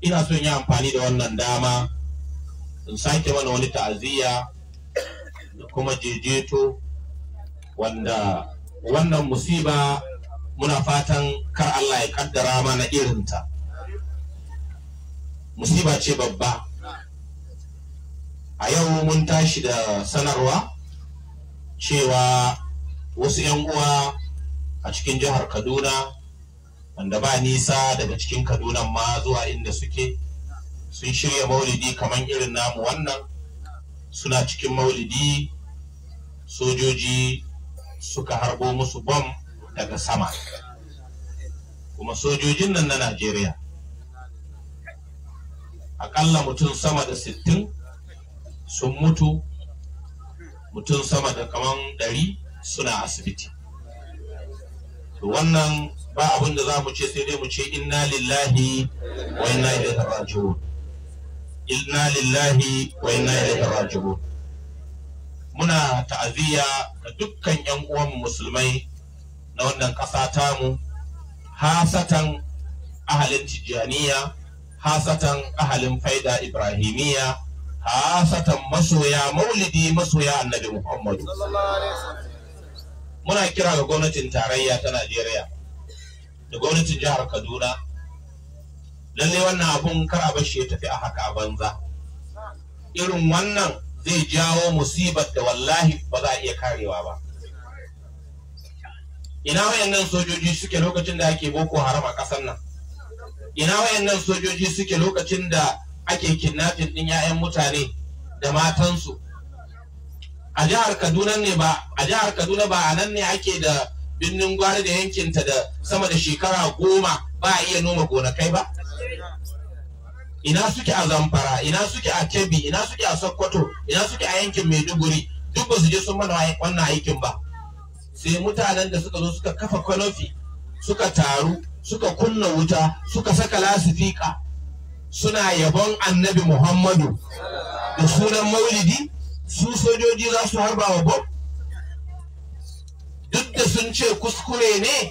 ina son yi amfani da wannan dama in sake mana wani ta'aziyya da kuma jejeto wanda wannan musiba muna fatan kar Allah ya kaddara mana ta. musiba ce babba a yau mun tashi da sanarwa cewa wasu 'yan uwa a cikin jihar kaduna wanda ba nisa daga cikin kaduna ma zuwa inda suke sun shirya maulidi kamar irin namu wannan suna cikin maulidi sojoji suka harbo musu bom daga sama kuma sojojin nan na najeriya akalla mutum sama da sittin sun mutu mutum sama da kaman ɗari suna asibiti to wannan ba abin da za mu ce sai dai mu ce inna lillahi wa inna ilaihi raji'un inna lillahi wa inna ilaihi raji'un muna ta'aziyya ga dukkan yan uwan musulmai na wannan ƙasa mu hasatan ahalin tijjaniya hasatan ahalin faida ibrahimiya hasatan masoya maulidi masoya annabi muhammadu muna kira ga gwamnatin tarayya ta najeriya da gwamnatin jihar kaduna lallai wannan abun kar a bashi ya tafi a haka banza irin wannan zai jawo musibar da wallahi ba za a iya karewa ba ina wayannan sojoji suke lokacin da ake boko haram a ƙasar nan ina wayannan sojoji suke lokacin da ake kidnapping din 'ya'yan mutane da matansu a jihar kaduna ne ba a jihar kaduna ba a nan ne ake da birnin gwari da yankinta da sama da shekara goma ba a iya noma gonakai ba ina suke a zamfara ina suke a kebbi ina suke a sokoto ina suke a yankin maiduguri duk ba su je sun mana wannan aikin ba sai mutanen da suka zo suka kafa kwanofi suka taru suka kunna wuta suka saka lasifika suna yabon annabi muhammadu da sunan maulidi su sojoji za su harba wa bob duk da sun ce kuskure ne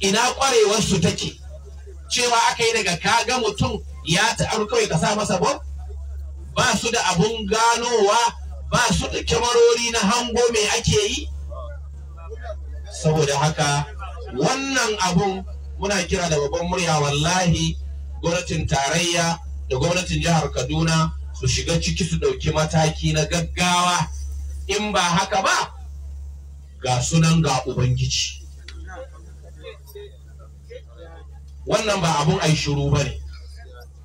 ina kwarewarsu take cewa aka yi daga kaga mutum ya ta'aru kawai ka sa masa bob ba su da abun ganowa ba su da kyamarori na hango mai ake yi saboda haka wannan abun muna kira da babban murya wallahi gwamnatin tarayya da gwamnatin jihar kaduna su shiga ciki su ɗauki mataki na gaggawa in ba haka ba ga sunan ga ubangiji wannan ba abun ai shiru ba ne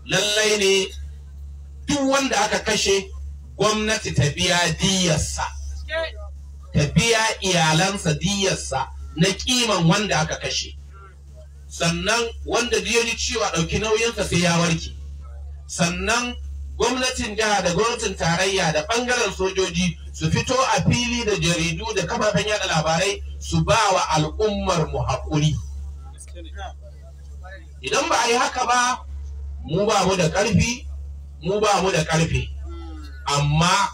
lallai ne duk wanda aka kashe gwamnati ta biya diyarsa ta biya iyalansa diyarsa na kiman wanda aka kashe sannan wanda ji cewa ɗauki nauyinsa sai ya warke sannan gwamnatin jiha da gwamnatin tarayya da bangaren sojoji su fito a fili da jaridu da kafafen yada labarai su ba wa al'ummar mu haƙuri idan ba a yi haka ba mu ba mu da ƙarfi mu ba mu da ƙarfi amma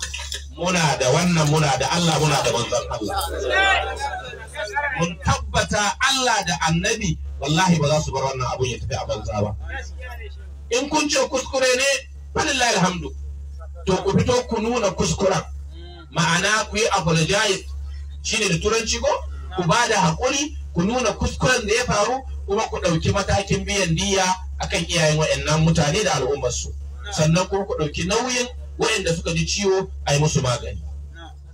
muna da wannan muna da Allah muna da manzon Allah mun tabbata Allah da annabi wallahi ba za su bar wannan abun ya tafi a banza ba in kun ce kuskure ne lillahi alhamdu to ku fito ku nuna kuskuren ma'ana ku yi apologize shine da turanci ko ku ba da haƙuri ku nuna kuskuren da ya faru kuma ku ɗauki matakin biyan diya akan iyayen waɗannan mutane da al'ummarsu sannan kuma ku ɗauki nauyin waɗanda suka ji ciwo a yi musu magani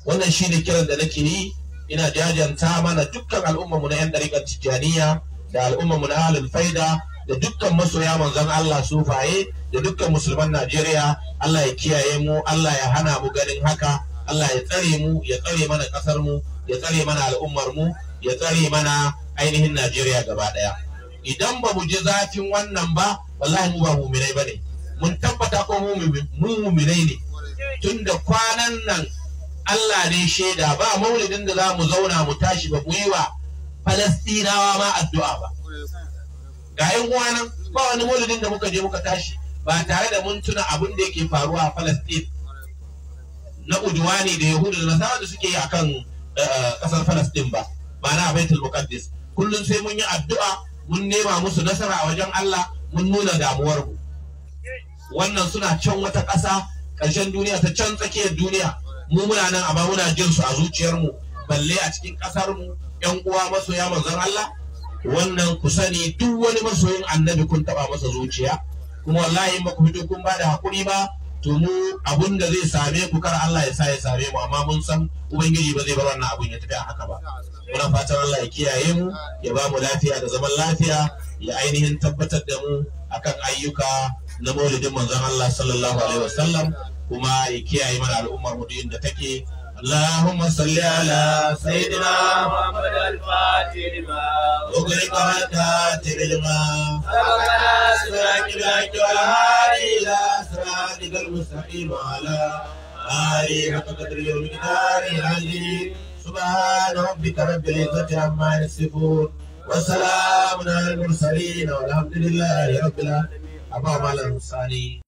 wannan shine kiran da nake yi ina jajanta mana dukkan al'ummarmu na 'yan ɗariƙar tijjaniya da al'ummarmu na halin faida da dukkan masoya manzon Allah sufaye da dukkan musulman Najeriya Allah ya kiyaye mu Allah ya hana mu ganin haka Allah ya tsare mu ya tsare mana kasar mu ya tsare mana al'ummar mu ya tsare mana ainihin Najeriya gaba daya idan ba mu ji zafin wannan ba wallahi mu ba muminai bane mun tabbata ko mu muminai ne tunda kwanan nan Allah ne shaida ba maulidin da za mu zauna mu tashi ba mu yi wa Falastinawa ma addu'a ba ga yan uwana ba wani maulidin da muka je muka tashi ba tare da mun tuna abin da yake faruwa a Palestine na udwani da yahudu da nasara da suke yi akan kasar eh, Palestine ba ma'ana a baitul muqaddis kullum sai mun yi addu'a mun nema musu nasara a wajen Allah mun nuna damuwar mu wannan suna can wata ƙasa ƙarshen duniya ta can tsakiyar duniya mu muna nan amma muna jin su a zuciyarmu balle a cikin ƙasarmu mu ƴan uwa masoya manzon Allah wannan ku sani duk wani masoyin annabi kun taba masa zuciya kuma wallahi ba ku fito kun ba da hakuri ba to mu abun da zai same ku kar Allah ya sa ya same mu amma mun san ubangiji ba zai bar wannan abun ya tafi a haka ba muna fatan Allah ya kiyaye mu ya ba mu lafiya da zaman lafiya ya ainihin tabbatar da mu akan ayyuka na maulidin manzon Allah sallallahu alaihi wasallam kuma ya kiyaye mana al'ummar mu da take اللهم صل على سيدنا محمد الفاتنما أغلق وتات الإلغام سبقنا صراط الهادي إلى صراطك المستقيم على آله حق قدر يوم الدار العظيم سبحان ربك رب العزة عما يصفون وسلام على المرسلين والحمد لله رب العالمين أمام الأنصاري